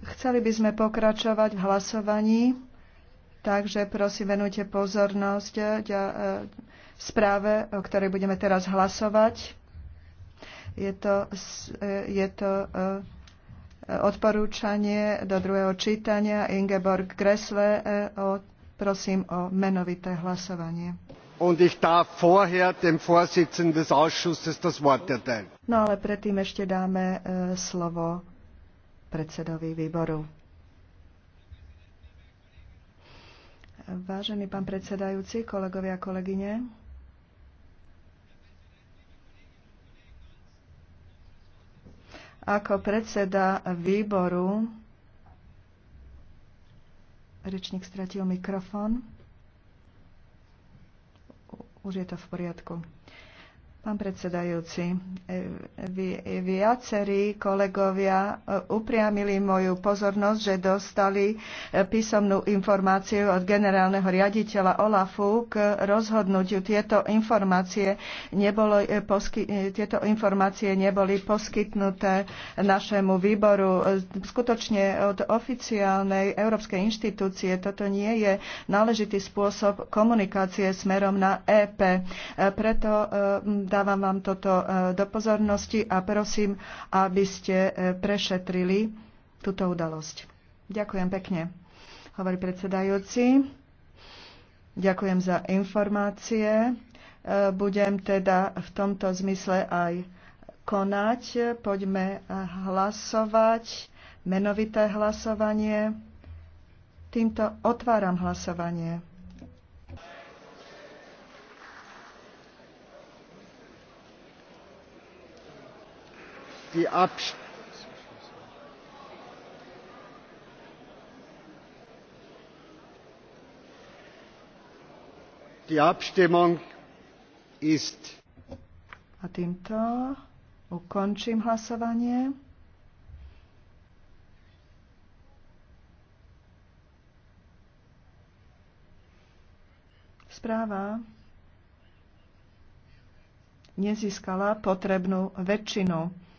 Chceli by sme pokračovať v hlasovaní, takže prosím venujte pozornosť eh, eh, správe, o ktorej budeme teraz hlasovať. Je to, eh, je to odporúčanie do druhého čítania Ingeborg Gressle o, prosím o menovité hlasovanie. Und ich darf vorher dem Vorsitzenden des Ausschusses das Wort erteilen. No ale predtým ešte dáme e, slovo predsedovi výboru. Vážený pán predsedajúci, kolegovia a kolegyne, ako predseda výboru rečník stratil mikrofón. Už je to v poriadku. Pán predsedajúci, e, viacerí kolegovia e, upriamili moju pozornosť, že dostali e, písomnú informáciu od generálneho riaditeľa OLAFu k rozhodnutiu. Tieto informácie, nebolo, posky, tieto informácie neboli poskytnuté našemu výboru. Skutočne od oficiálnej európskej inštitúcie toto nie je náležitý spôsob komunikácie smerom na EP. Preto Dávam vám toto e, do pozornosti a prosím, aby ste e, prešetrili túto udalosť. Ďakujem pekne, hovorí predsedajúci. Ďakujem za informácie. E, budem teda v tomto zmysle aj konať. Poďme hlasovať. Menovité hlasovanie. Týmto otváram hlasovanie. die Abstimmung. ist. A týmto ukončím hlasovanie. Správa nezískala potrebnú väčšinu.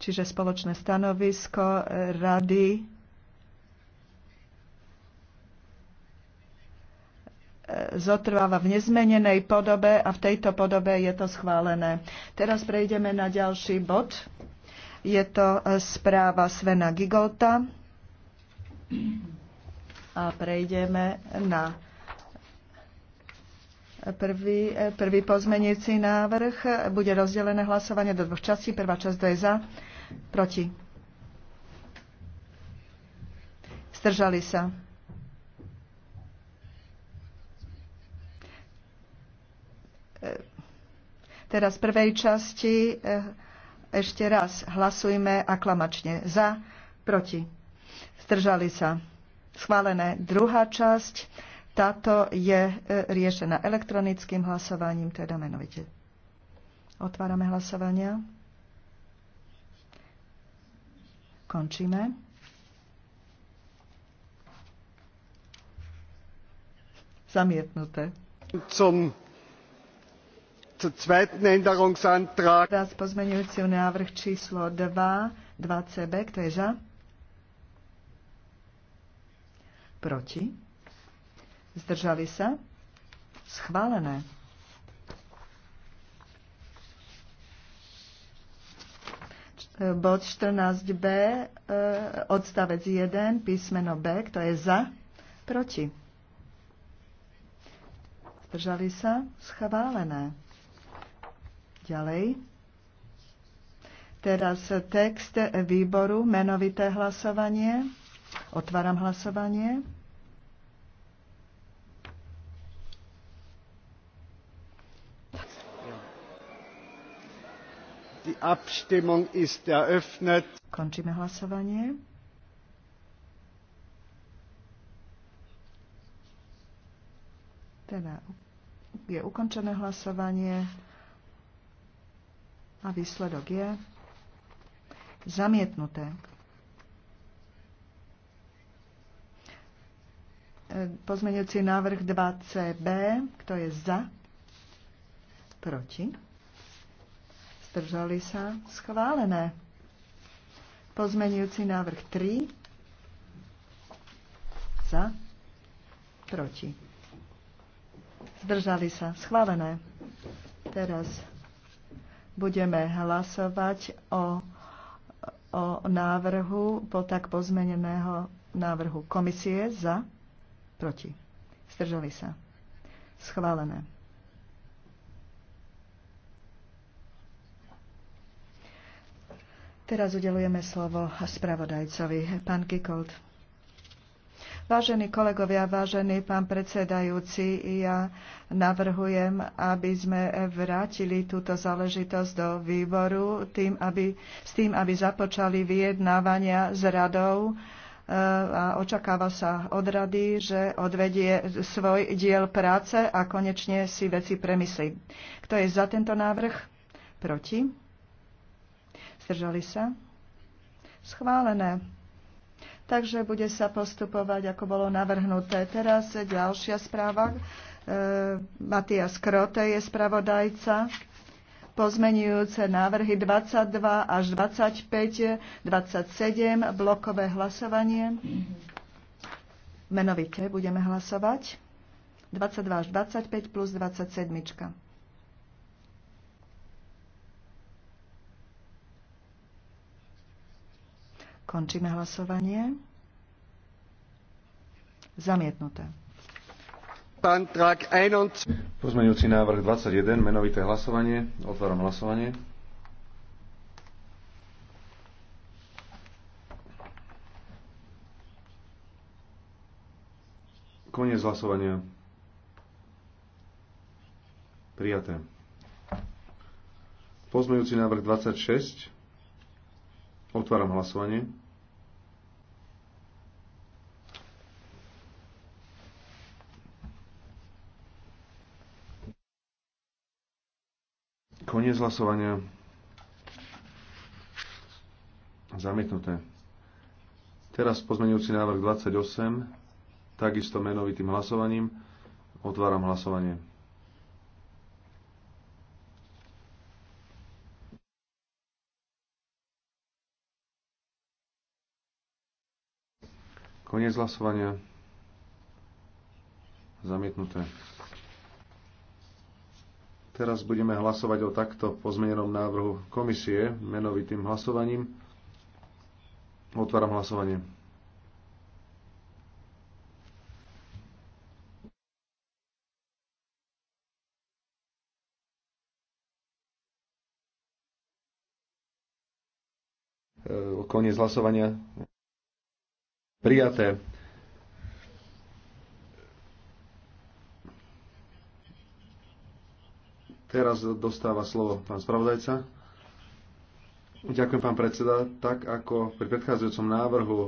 čiže spoločné stanovisko e, rady e, zotrváva v nezmenenej podobe a v tejto podobe je to schválené. Teraz prejdeme na ďalší bod. Je to e, správa Svena Gigolta a prejdeme na Prvý, prvý pozmeniaci návrh bude rozdelené hlasovanie do dvoch častí. Prvá časť, kto je za, Proti. Zdržali sa. Teraz v prvej časti eh, ešte raz hlasujme aklamačne. Za, proti. Zdržali sa. Schválené druhá časť. Táto je eh, riešená elektronickým hlasovaním, teda menovite. Otvárame hlasovania. Končíme. Zamietnuté. Zum zweiten Änderungsantrag. Das pozmenujúci návrh číslo 2, 2CB, kto je za? Proti? Zdržali sa? Schválené. bod 14b, e, odstavec 1, písmeno B, kto je za, proti. Zdržali sa? Schválené. Ďalej. Teraz text výboru, menovité hlasovanie. Otváram hlasovanie. Abstimmung ist eröffnet. Končíme hlasovanie. Teda je ukončené hlasovanie a výsledok je zamietnuté. Pozmeňujúci návrh 2CB, kto je za? Proti? zdržali sa, schválené. Pozmenujúci návrh 3, za, proti. Zdržali sa, schválené. Teraz budeme hlasovať o, o návrhu po tak pozmeneného návrhu komisie za, proti. Zdržali sa. Schválené. Teraz udelujeme slovo spravodajcovi. Pán Kikold. Vážení kolegovia, vážený pán predsedajúci, ja navrhujem, aby sme vrátili túto záležitosť do výboru tým, aby, s tým, aby započali vyjednávania s radou e, a očakáva sa od rady, že odvedie svoj diel práce a konečne si veci premyslí. Kto je za tento návrh? Proti? Zdržali sa? Schválené. Takže bude sa postupovať, ako bolo navrhnuté. Teraz ďalšia správa. E, Matias Krote je spravodajca. Pozmenujúce návrhy 22 až 25, 27, blokové hlasovanie. Menovite budeme hlasovať. 22 až 25 plus 27. Končíme hlasovanie. Zamietnuté. Pozmeňujúci návrh 21, menovité hlasovanie. Otváram hlasovanie. Koniec hlasovania. Prijaté. Pozmeňujúci návrh 26. Otváram hlasovanie. Koniec hlasovania. Zamietnuté. Teraz pozmenujúci návrh 28, takisto menovitým hlasovaním. Otváram hlasovanie. Koniec hlasovania. Zamietnuté. Teraz budeme hlasovať o takto pozmenenom návrhu komisie menovitým hlasovaním. Otváram hlasovanie. E, koniec hlasovania. Prijaté. Teraz dostáva slovo pán spravodajca. Ďakujem, pán predseda. Tak ako pri predchádzajúcom návrhu e,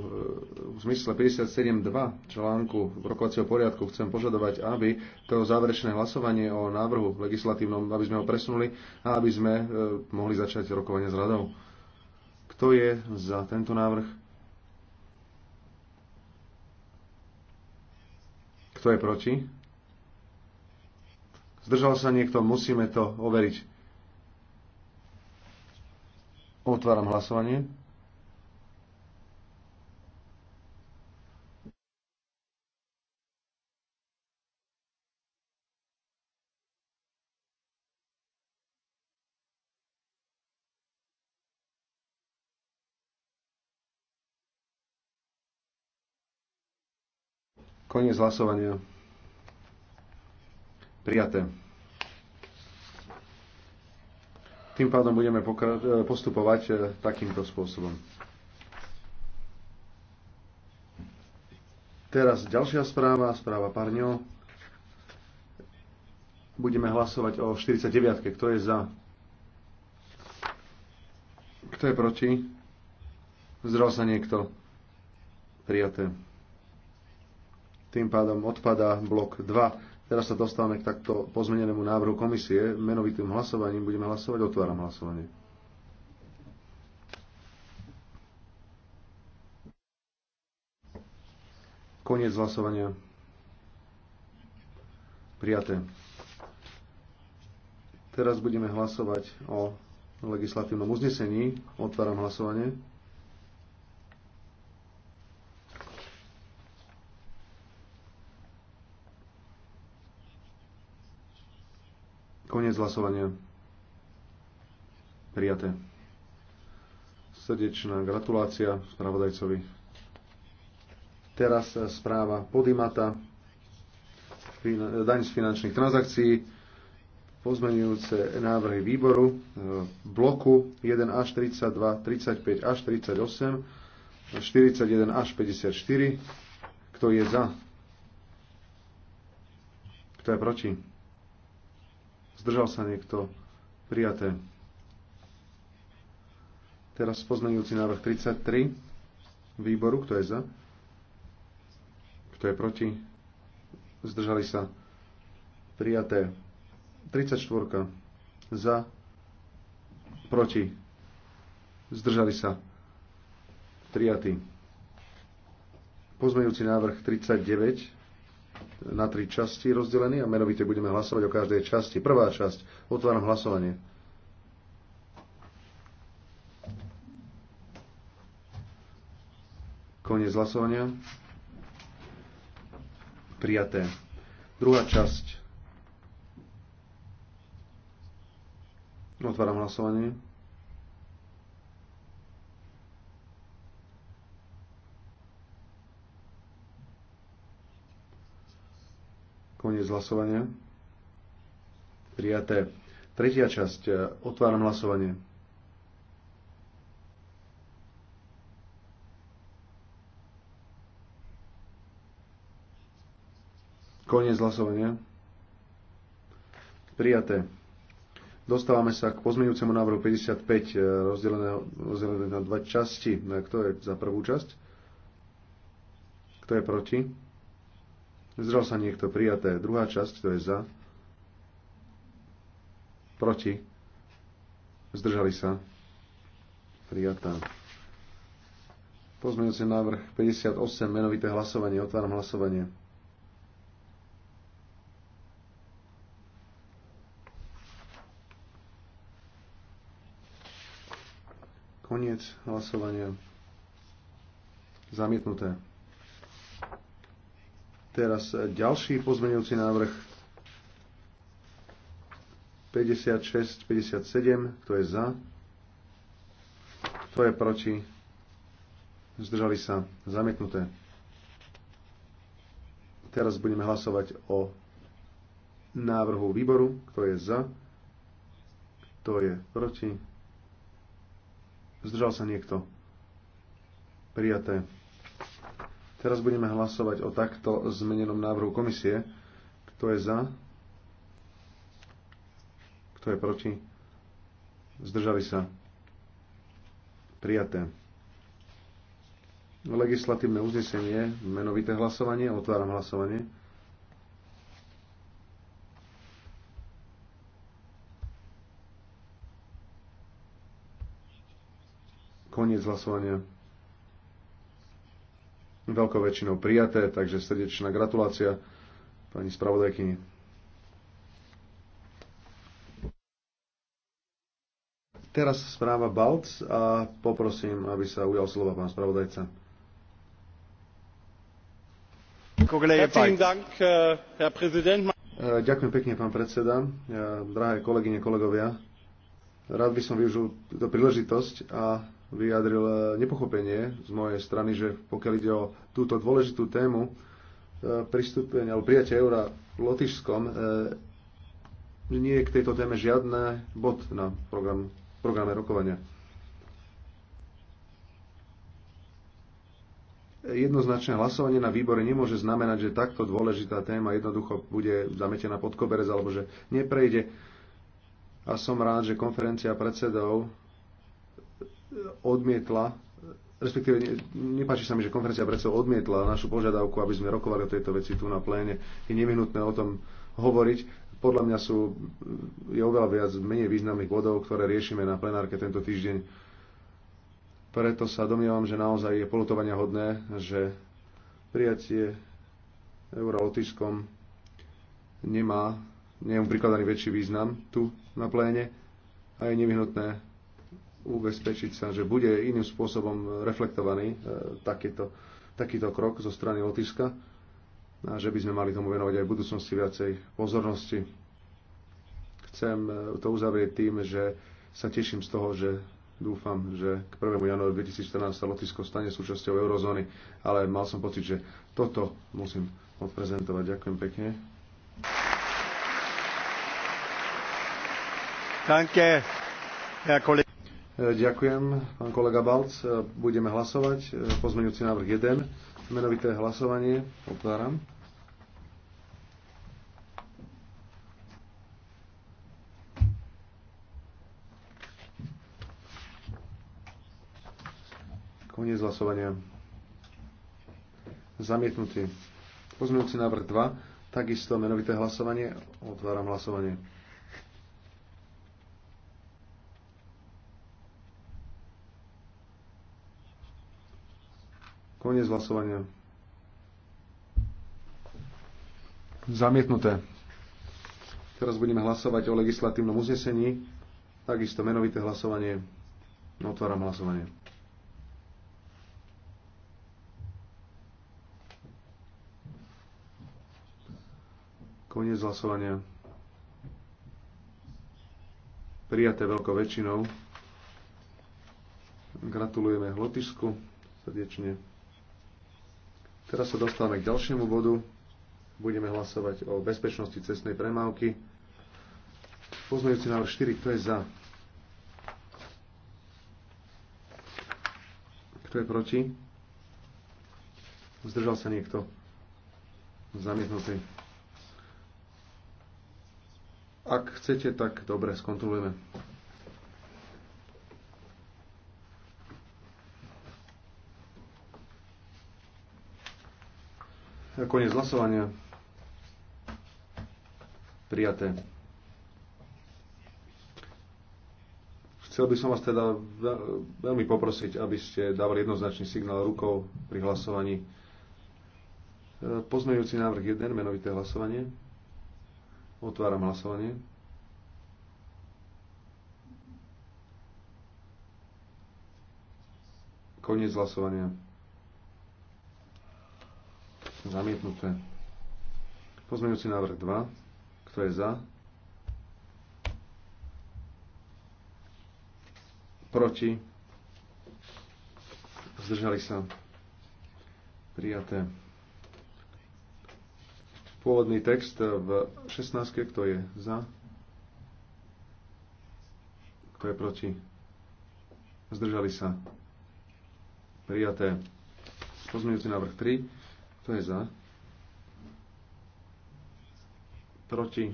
v zmysle 57.2 článku rokovacieho poriadku chcem požadovať, aby to záverečné hlasovanie o návrhu legislatívnom, aby sme ho presunuli a aby sme e, mohli začať rokovanie s radou. Kto je za tento návrh? Kto je proti? Zdržal sa niekto? Musíme to overiť. Otváram hlasovanie. Koniec hlasovania. Prijaté. Tým pádom budeme e, postupovať e, takýmto spôsobom. Teraz ďalšia správa, správa Parňo. Budeme hlasovať o 49. Kto je za? Kto je proti? Zdrav sa niekto? Prijaté. Tým pádom odpadá blok 2. Teraz sa dostávame k takto pozmenenému návrhu komisie. Menovitým hlasovaním budeme hlasovať. Otváram hlasovanie. Koniec hlasovania. Prijaté. Teraz budeme hlasovať o legislatívnom uznesení. Otváram hlasovanie. Konec hlasovania. Prijaté. Srdečná gratulácia spravodajcovi. Teraz správa Podimata, daň z finančných transakcií, pozmenujúce návrhy výboru e, bloku 1 až 32, 35 až 38, 41 až 54. Kto je za? Kto je proti? Zdržal sa niekto? Prijaté. Teraz poznajúci návrh 33 výboru. Kto je za? Kto je proti? Zdržali sa? Prijaté. 34 za? Proti? Zdržali sa? Prijatý. Pozmejúci návrh 39 na tri časti rozdelený a menovite budeme hlasovať o každej časti. Prvá časť. Otváram hlasovanie. Koniec hlasovania. Prijaté. Druhá časť. Otváram hlasovanie. Koniec hlasovania. Prijaté. Tretia časť. Otváram hlasovanie. Koniec hlasovania. Prijaté. Dostávame sa k pozmeňujúcemu návrhu 55, eh, rozdeleného, rozdelené na dva časti. Kto je za prvú časť? Kto je proti? Zdržal sa niekto prijaté. Druhá časť, to je za? Proti? Zdržali sa? Prijatá. Pozmeňujúci návrh 58, menovité hlasovanie. Otváram hlasovanie. Koniec hlasovania. Zamietnuté. Teraz e, ďalší pozmeňujúci návrh 56, 57, kto je za, kto je proti, zdržali sa, zamietnuté. Teraz budeme hlasovať o návrhu výboru, kto je za, kto je proti, zdržal sa niekto, prijaté. Teraz budeme hlasovať o takto zmenenom návrhu komisie. Kto je za? Kto je proti? Zdržali sa. Prijaté. Legislatívne uznesenie, menovité hlasovanie, otváram hlasovanie. Koniec hlasovania veľkou väčšinou prijaté, takže srdečná gratulácia pani spravodajkyni. Teraz správa Balc a poprosím, aby sa ujal slova pán spravodajca. Äh, äh, ďakujem pekne, pán predseda. Drahé kolegyne, kolegovia, rád by som využil túto príležitosť a vyjadril eh, nepochopenie z mojej strany, že pokiaľ ide o túto dôležitú tému eh, pristúpenia alebo prijatia eura v Lotyšskom, eh, nie je k tejto téme žiadne bod na program, programe rokovania. Jednoznačné hlasovanie na výbore nemôže znamenať, že takto dôležitá téma jednoducho bude zametená pod koberec alebo že neprejde. A som rád, že konferencia predsedov odmietla respektíve nepáči sa mi, že konferencia predsedov odmietla našu požiadavku, aby sme rokovali o tejto veci tu na pléne. Je nevyhnutné o tom hovoriť. Podľa mňa sú, je oveľa viac menej významných bodov, ktoré riešime na plenárke tento týždeň. Preto sa domnievam, že naozaj je polutovania hodné, že prijatie eura otiskom nemá, nie je mu prikladaný väčší význam tu na pléne a je nevyhnutné ubezpečiť sa, že bude iným spôsobom reflektovaný e, takýto, takýto krok zo strany Lotyšska a že by sme mali tomu venovať aj v budúcnosti viacej pozornosti. Chcem e, to uzavrieť tým, že sa teším z toho, že dúfam, že k 1. januáru 2014 sa Lotyšsko stane súčasťou eurozóny, ale mal som pocit, že toto musím odprezentovať. Ďakujem pekne. Danke, Herr Kollege. E, ďakujem, pán kolega Balc. E, budeme hlasovať. E, pozmeňujúci návrh 1. Menovité hlasovanie. Otváram. Koniec hlasovania. Zamietnutý. Pozmeňujúci návrh 2. Takisto menovité hlasovanie. Otváram hlasovanie. Koniec hlasovania. Zamietnuté. Teraz budeme hlasovať o legislatívnom uznesení. Takisto menovité hlasovanie. Otváram hlasovanie. Koniec hlasovania. Prijaté veľkou väčšinou. Gratulujeme Lotyšsku srdečne. Teraz sa dostávame k ďalšiemu bodu. Budeme hlasovať o bezpečnosti cestnej premávky. Pozmejúci návrh 4, kto je za? Kto je proti? Zdržal sa niekto? Zamietnutý. Ak chcete, tak dobre, skontrolujeme. Koniec hlasovania. Prijaté. Chcel by som vás teda veľmi poprosiť, aby ste dávali jednoznačný signál rukou pri hlasovaní. E, pozmeňujúci návrh 1, menovité hlasovanie. Otváram hlasovanie. Koniec hlasovania. Zamietnuté. Pozmeňujúci návrh 2. Kto je za? Proti? Zdržali sa? Prijaté. Pôvodný text v 16. Kto je za? Kto je proti? Zdržali sa? Prijaté. Pozmeňujúci návrh 3. Kto je za? Proti?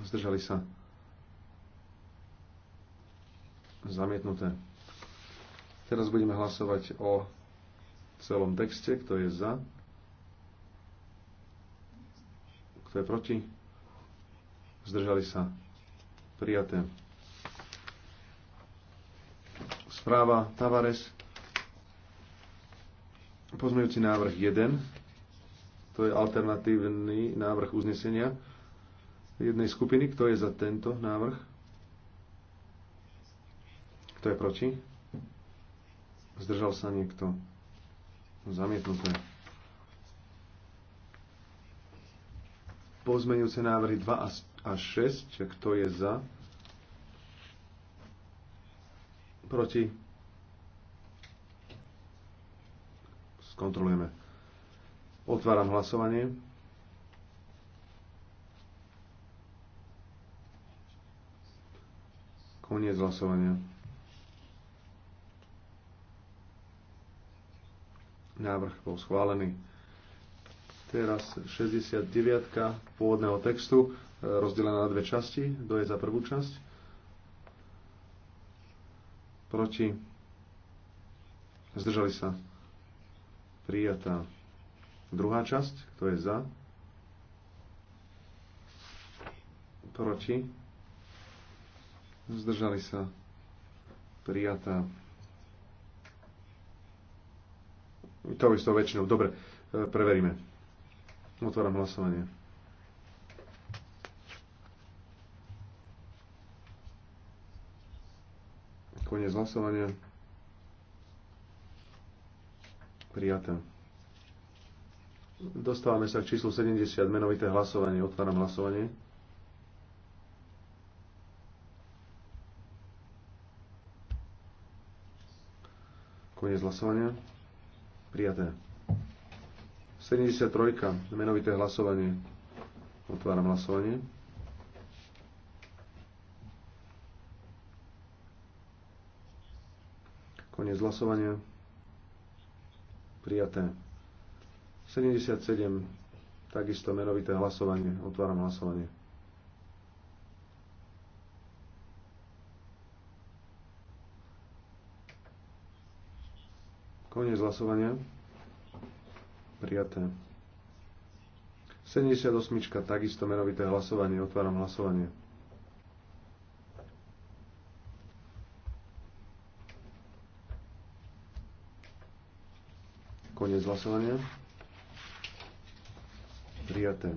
Zdržali sa? Zamietnuté. Teraz budeme hlasovať o celom texte. Kto je za? Kto je proti? Zdržali sa? Prijaté. Správa Tavares pozmeňujúci návrh 1, to je alternatívny návrh uznesenia jednej skupiny. Kto je za tento návrh? Kto je proti? Zdržal sa niekto? Zamietnuté. Pozmeňujúce návrhy 2 a 6. Kto je za? Proti? Skontrolujeme. Otváram hlasovanie. Koniec hlasovania. Návrh bol schválený. Teraz 69. pôvodného textu, e, rozdelená na dve časti. Kto je za prvú časť? Proti? Zdržali sa. Prijatá. Druhá časť, kto je za? Proti? Zdržali sa. Prijatá. To istou väčšinou. Dobre, e, preveríme. Otváram hlasovanie. Koniec hlasovania. Prijaté. Dostávame sa k číslu 70, menovité hlasovanie. Otváram hlasovanie. Koniec hlasovania. Prijaté. 73. Menovité hlasovanie. Otváram hlasovanie. Koniec hlasovania. Prijaté. 77. Takisto menovité hlasovanie. Otváram hlasovanie. Koniec hlasovania. Prijaté. 78. Takisto menovité hlasovanie. Otváram hlasovanie. Koniec hlasovania. Prijaté.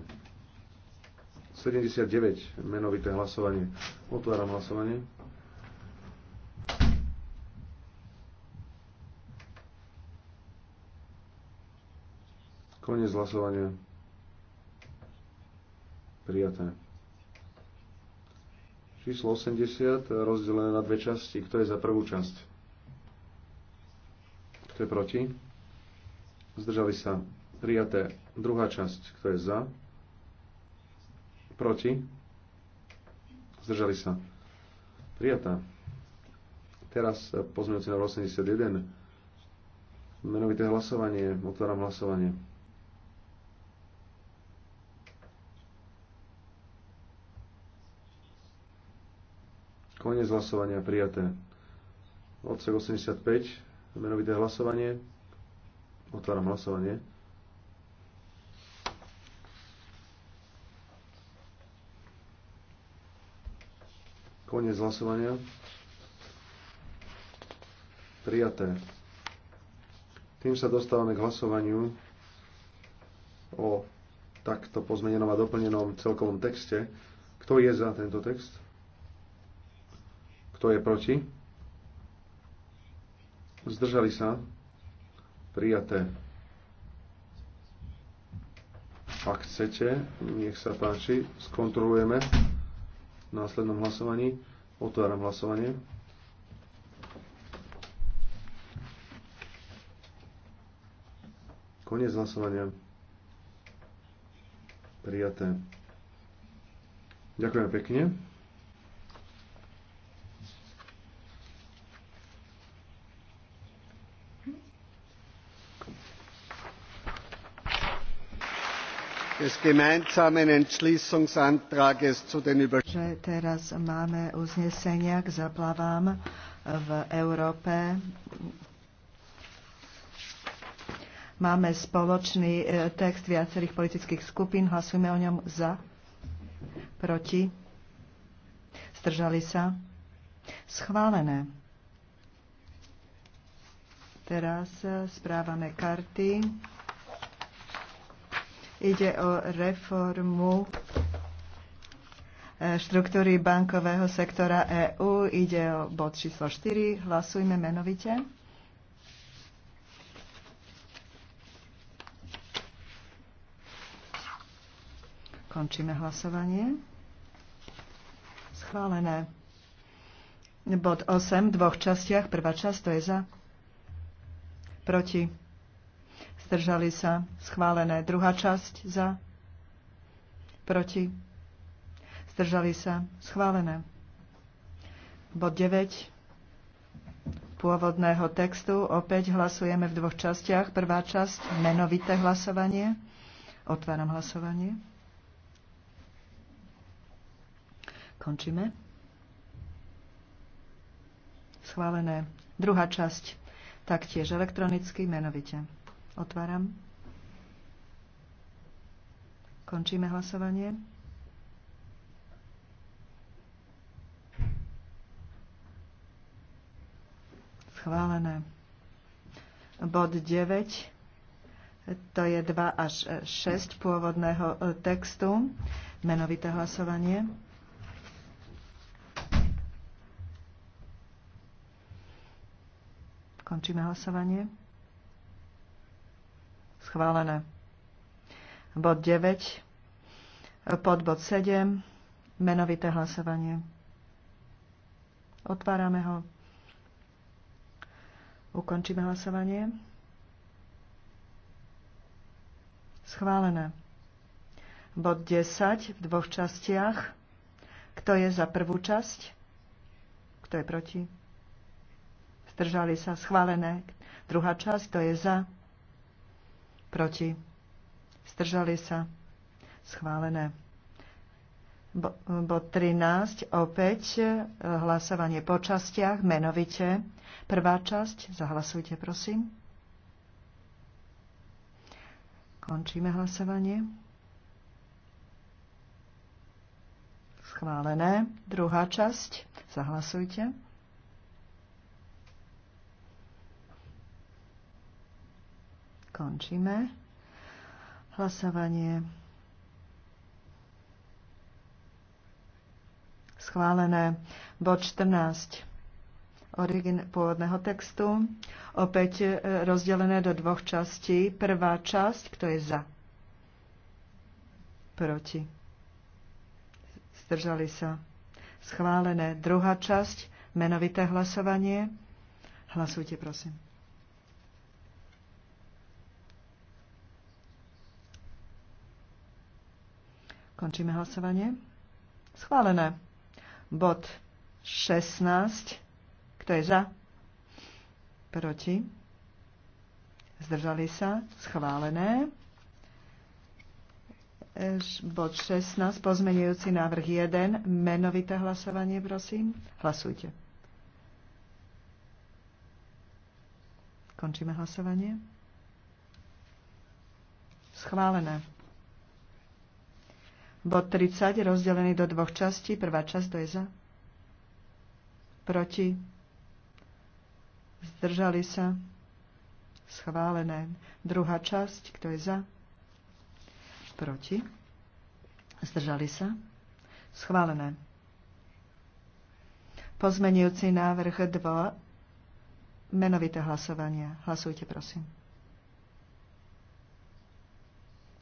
79, menovité hlasovanie. Otváram hlasovanie. Koniec hlasovania. Prijaté. Číslo 80, rozdelené na dve časti. Kto je za prvú časť? Kto je proti? zdržali sa prijaté. Druhá časť, kto je za, proti, zdržali sa prijatá. Teraz eh, pozmeňujúci na 81. Menovité hlasovanie, otváram hlasovanie. Konec hlasovania prijaté. Odsek 85, menovité hlasovanie. Otváram hlasovanie. Koniec hlasovania. Prijaté. Tým sa dostávame k hlasovaniu o takto pozmenenom a doplnenom celkovom texte. Kto je za tento text? Kto je proti? Zdržali sa? prijaté. Ak chcete, nech sa páči, skontrolujeme v následnom hlasovaní. Otváram hlasovanie. Koniec hlasovania. Prijaté. Ďakujem pekne. des gemeinsamen Entschließungsantrages zu den Über že teraz máme uznesenia k zaplavám v Európe. Máme spoločný e, text viacerých politických skupín. Hlasujeme o ňom za, proti, zdržali sa. Schválené. Teraz e, správame karty. Ide o reformu e, štruktúry bankového sektora EÚ. Ide o bod číslo 4. Hlasujme menovite. Končíme hlasovanie. Schválené. Bod 8 v dvoch častiach. Prvá časť to je za. Proti zdržali sa, schválené. Druhá časť za, proti, zdržali sa, schválené. Bod 9 pôvodného textu opäť hlasujeme v dvoch častiach. Prvá časť, menovité hlasovanie. Otváram hlasovanie. Končíme. Schválené. Druhá časť. Taktiež elektronicky menovite. Otváram. Končíme hlasovanie. Schválené. Bod 9 to je 2 až 6 pôvodného e, textu, menovité hlasovanie. Končíme hlasovanie. Schválené. Bod 9. Pod bod 7. Menovité hlasovanie. Otvárame ho. Ukončíme hlasovanie. Schválené. Bod 10 v dvoch častiach. Kto je za prvú časť? Kto je proti? Zdržali sa. Schválené. Druhá časť. Kto je za? proti, zdržali sa, schválené. Bod 13, opäť e, hlasovanie po častiach, menovite. Prvá časť, zahlasujte prosím. Končíme hlasovanie. Schválené. Druhá časť, zahlasujte. Končíme hlasovanie. Schválené. Bod 14 origin pôvodného textu. Opäť e, rozdelené do dvoch častí. Prvá časť, kto je za? Proti. Zdržali sa. Schválené. Druhá časť, menovité hlasovanie. Hlasujte, prosím. Končíme hlasovanie. Schválené. Bod 16. Kto je za? Proti? Zdržali sa? Schválené. Bod 16, pozmenujúci návrh 1, menovité hlasovanie, prosím. Hlasujte. Končíme hlasovanie. Schválené. Bod 30 rozdelený do dvoch častí. Prvá časť, to je za. Proti. Zdržali sa. Schválené. Druhá časť, kto je za? Proti. Zdržali sa. Schválené. Pozmenujúci návrh 2. Menovité hlasovanie. Hlasujte, prosím.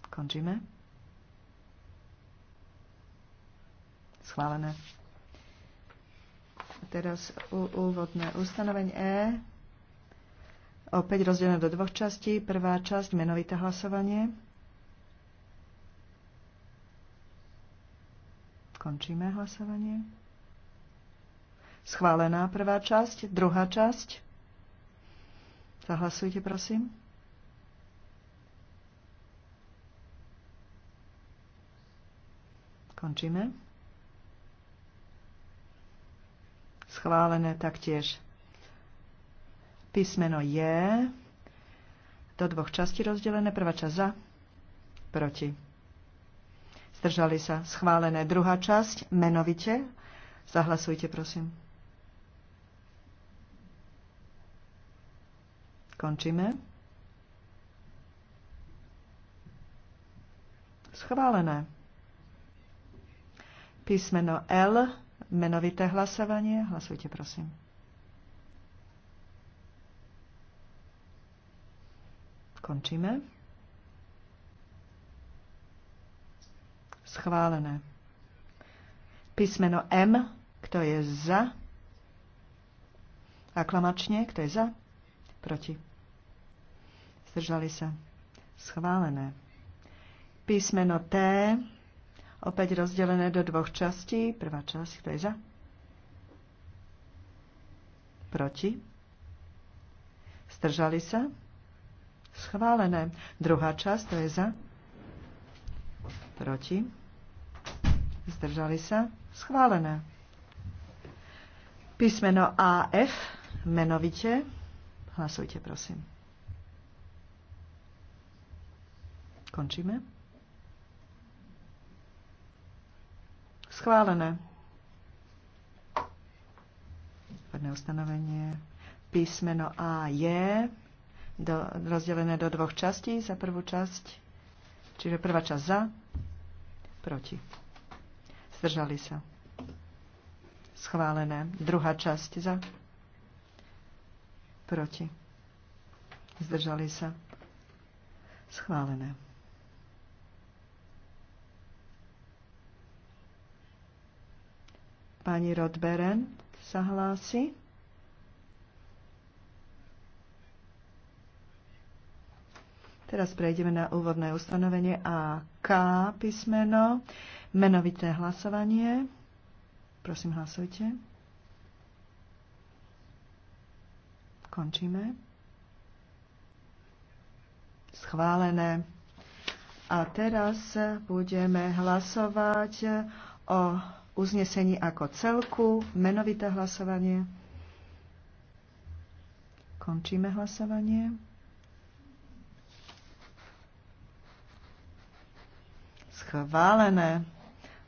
Končíme. Schválené. Teraz úvodné ustanovenie E. Opäť rozdelené do dvoch častí. Prvá časť, menovité hlasovanie. Končíme hlasovanie. Schválená prvá časť, druhá časť. Zahlasujte, prosím. Končíme. schválené taktiež. Písmeno je do dvoch častí rozdelené. Prvá časť za, proti. Zdržali sa schválené. Druhá časť menovite. Zahlasujte, prosím. Končíme. Schválené. Písmeno L menovité hlasovanie. Hlasujte, prosím. Končíme. Schválené. Písmeno M, kto je za? Aklamačne, kto je za? Proti. Zdržali sa. Schválené. Písmeno T, opäť rozdelené do dvoch častí. Prvá časť, kto je za? Proti? Zdržali sa? Schválené. Druhá časť, to je za? Proti? Zdržali sa? Schválené. Písmeno AF, menovite. Hlasujte, prosím. Končíme. Schválené. Prvné ustanovenie. Písmeno A je do, rozdelené do dvoch častí. Za prvú časť, čiže prvá časť za, proti. Zdržali sa. Schválené. Druhá časť za, proti. Zdržali sa. Schválené. Pani Rodberen sa hlási. Teraz prejdeme na úvodné ustanovenie A. K písmeno. Menovité hlasovanie. Prosím, hlasujte. Končíme. Schválené. A teraz budeme hlasovať o uznesení ako celku, menovité hlasovanie. Končíme hlasovanie. Schválené.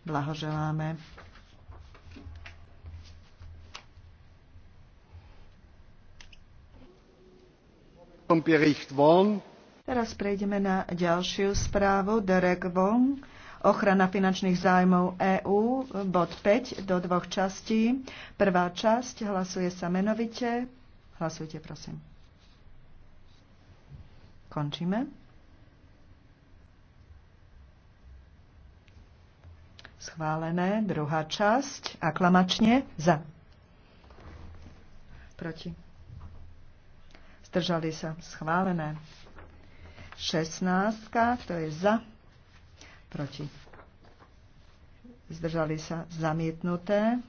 Blahoželáme. Teraz prejdeme na ďalšiu správu. Derek Wong ochrana finančných zájmov EÚ, bod 5 do dvoch častí. Prvá časť hlasuje sa menovite. Hlasujte, prosím. Končíme. Schválené. Druhá časť. Aklamačne. Za. Proti. Zdržali sa. Schválené. 16. To je za proti. Zdržali sa zamietnuté.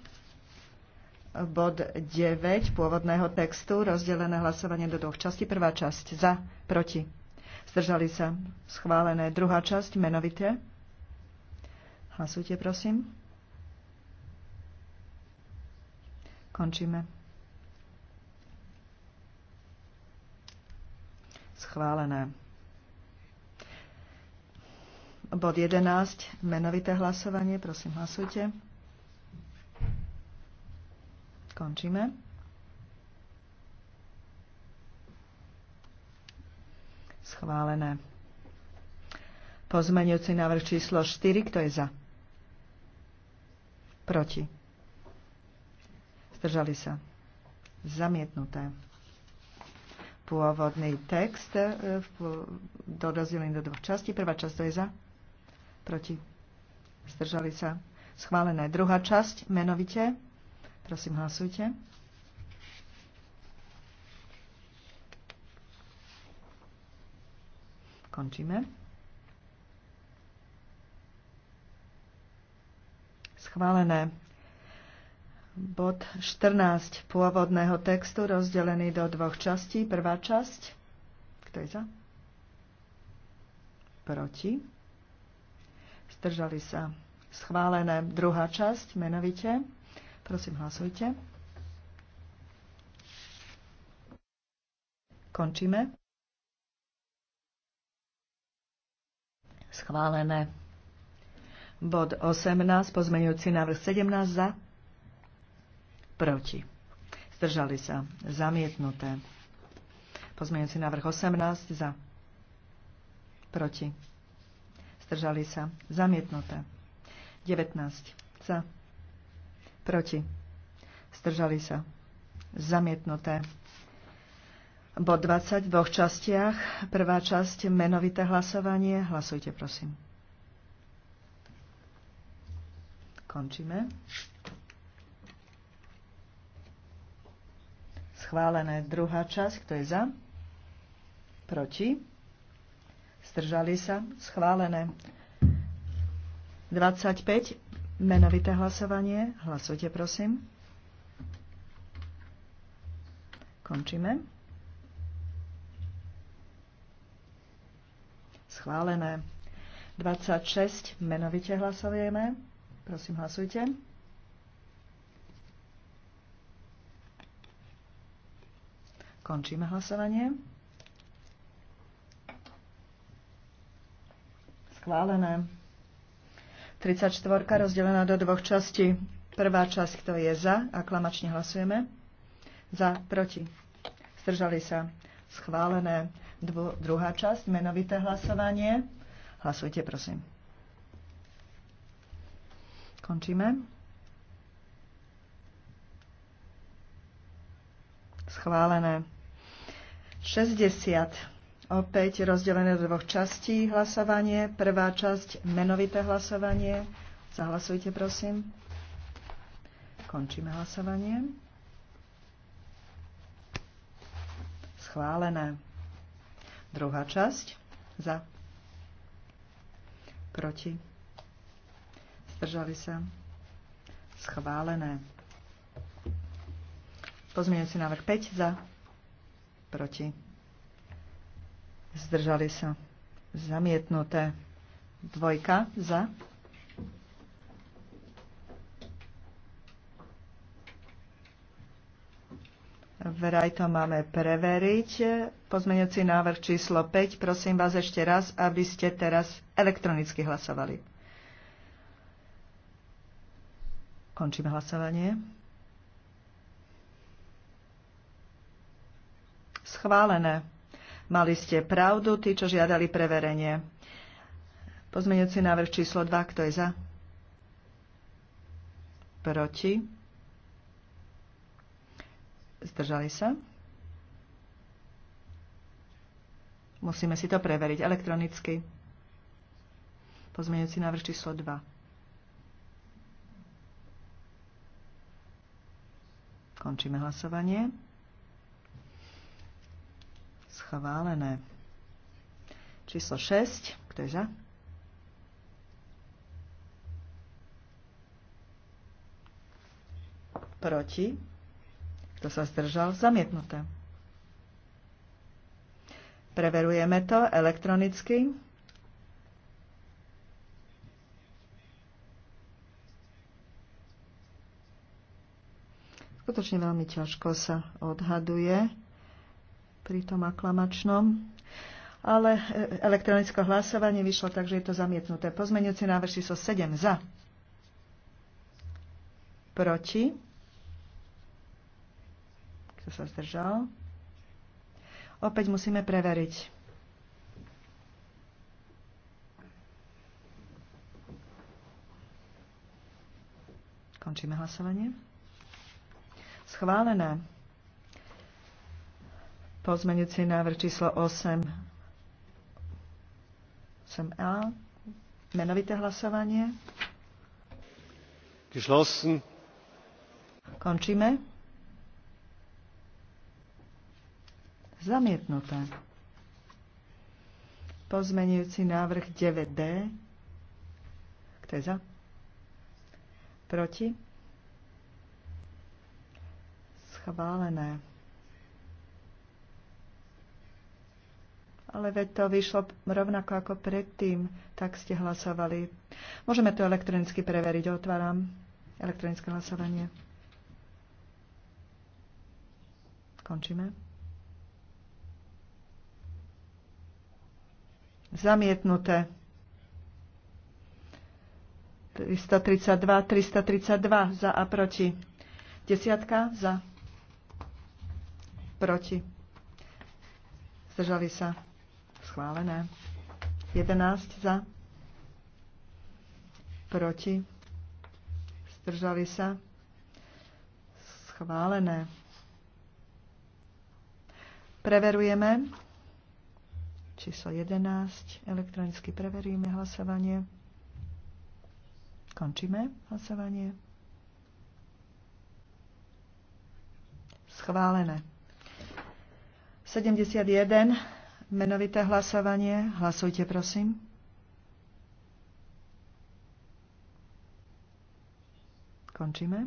Bod 9 pôvodného textu, rozdelené hlasovanie do dvoch častí. Prvá časť za, proti. Zdržali sa schválené. Druhá časť menovité. Hlasujte, prosím. Končíme. Schválené. Bod 11, menovité hlasovanie, prosím hlasujte. Končíme. Schválené. Pozmeňujúci návrh číslo 4, kto je za? Proti. Zdržali sa. Zamietnuté. Pôvodný text eh, dorazil do dvoch častí. Prvá časť to je za. Proti. Zdržali sa. Schválené. Druhá časť, menovite. Prosím, hlasujte. Končíme. Schválené. Bod 14 pôvodného textu rozdelený do dvoch častí. Prvá časť. Kto je za? Proti. Zdržali sa. Schválené. Druhá časť, menovite. Prosím, hlasujte. Končíme. Schválené. Bod 18, pozmeňujúci návrh 17 za. Proti. Zdržali sa. Zamietnuté. Pozmeňujúci návrh 18 za. Proti zdržali sa, zamietnuté. 19 za, proti, zdržali sa, zamietnuté. Bod 20 v dvoch častiach. Prvá časť menovité hlasovanie. Hlasujte, prosím. Končíme. Schválené druhá časť. Kto je za? Proti? Zdržali sa? Schválené. 25. Menovité hlasovanie. Hlasujte, prosím. Končíme. Schválené. 26. Menovite hlasujeme. Prosím, hlasujte. Končíme hlasovanie. schválené. 34. rozdelená do dvoch častí. Prvá časť, kto je za, aklamačne hlasujeme. Za, proti. Zdržali sa. Schválené. Dvo, druhá časť, menovité hlasovanie. Hlasujte, prosím. Končíme. Schválené. 60 Opäť rozdelené do dvoch častí hlasovanie. Prvá časť menovité hlasovanie. Zahlasujte, prosím. Končíme hlasovanie. Schválené. Druhá časť. Za. Proti. Zdržali sa. Schválené. si návrh 5 za. Proti zdržali sa zamietnuté. Dvojka za, Veraj to máme preveriť. Pozmeňujúci návrh číslo 5. Prosím vás ešte raz, aby ste teraz elektronicky hlasovali. Končím hlasovanie. Schválené. Mali ste pravdu, tí, čo žiadali preverenie. Pozmeňujúci návrh číslo 2, kto je za? Proti? Zdržali sa? Musíme si to preveriť elektronicky. Pozmeňujúci návrh číslo 2. Končíme hlasovanie. Schválené. Číslo 6. Kto je za? Proti. Kto sa zdržal? Zamietnuté. Preverujeme to elektronicky. Skutočne veľmi ťažko sa odhaduje pri tom aklamačnom. Ale e, elektronické hlasovanie vyšlo, takže je to zamietnuté. Pozmeňujúci návrh číslo 7 za. Proti. Kto sa zdržal? Opäť musíme preveriť. Končíme hlasovanie. Schválené. Pozmeňujúci návrh číslo 8. 8a. Menovité hlasovanie. Geschlossen. Končíme. Zamietnuté. Pozmenujúci návrh 9D. Kto je za? Proti? Schválené. Ale veď to vyšlo rovnako ako predtým, tak ste hlasovali. Môžeme to elektronicky preveriť. Otváram elektronické hlasovanie. Končíme. Zamietnuté. 332, 332 za a proti. Desiatka za. Proti. Zdržali sa Schválené. 11 za. Proti. Zdržali sa. Schválené. Preverujeme. Číslo 11. Elektronicky preveríme hlasovanie. Končíme hlasovanie. Schválené. 71 menovité hlasovanie. Hlasujte, prosím. Končíme.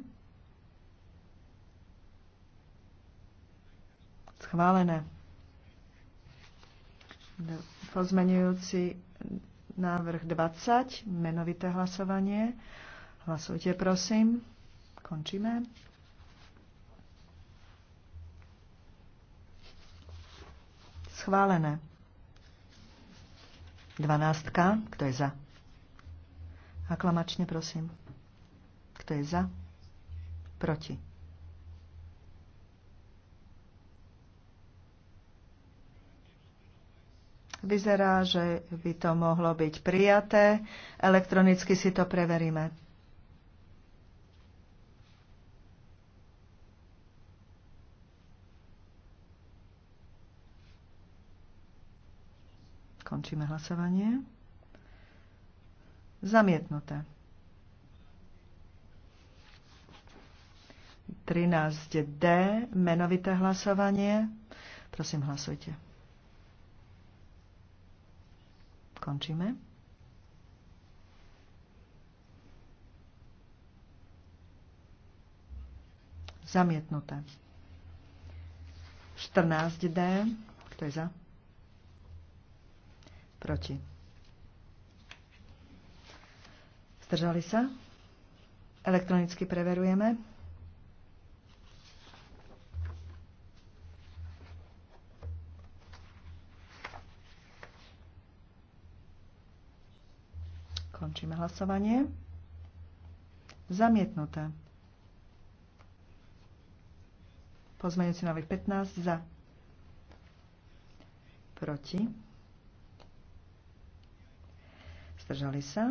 Schválené. Pozmenujúci návrh 20, menovité hlasovanie. Hlasujte, prosím. Končíme. schválené. 12. Kto je za? Aklamačne prosím. Kto je za? Proti. Vyzerá, že by to mohlo byť prijaté. Elektronicky si to preveríme. Končíme hlasovanie. Zamietnuté. 13D, menovité hlasovanie. Prosím, hlasujte. Končíme. Zamietnuté. 14D, kto je za? Proti. Zdržali sa? Elektronicky preverujeme. Končíme hlasovanie. Zamietnuté. Pozmeňujúci návrh 15 za. Proti. Zdržali sa?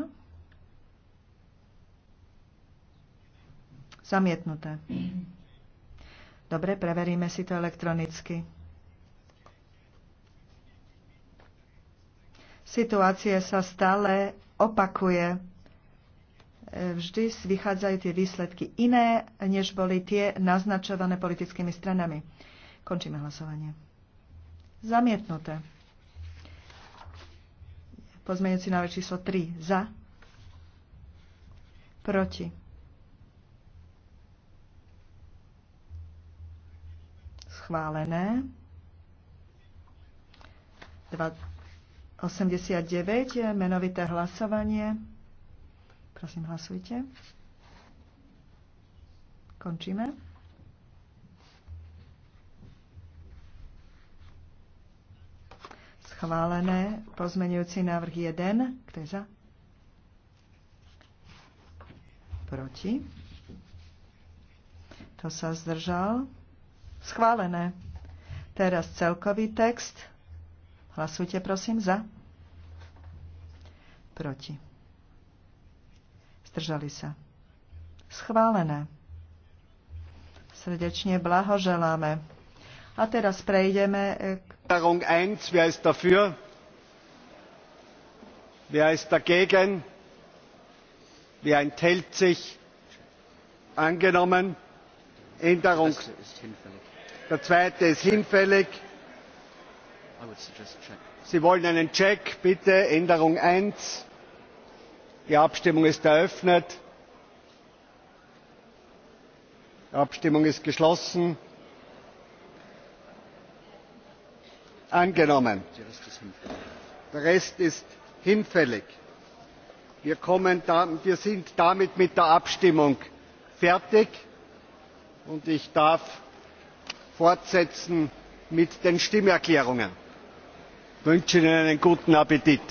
Zamietnuté. Dobre, preveríme si to elektronicky. Situácie sa stále opakuje. Vždy vychádzajú tie výsledky iné, než boli tie naznačované politickými stranami. Končíme hlasovanie. Zamietnuté. Pozmeňujúci návrh číslo 3 za. Proti. Schválené. 89. Menovité hlasovanie. Prosím, hlasujte. Končíme. Schválené. Pozmenujúci návrh 1. Kto je za? Proti. To sa zdržal. Schválené. Teraz celkový text. Hlasujte prosím za. Proti. Zdržali sa. Schválené. Srdečne blahoželáme. A teraz prejdeme k... Änderung 1, wer ist dafür? Wer ist dagegen? Wer enthält sich? Angenommen. Änderung. Der zweite ist hinfällig. Sie wollen einen Check, bitte. Änderung 1. Die Abstimmung ist eröffnet. Die Abstimmung ist geschlossen. angenommen; der rest ist hinfällig. wir sind damit mit der abstimmung fertig und ich darf fortsetzen mit den stimmerklärungen. ich wünsche ihnen einen guten appetit!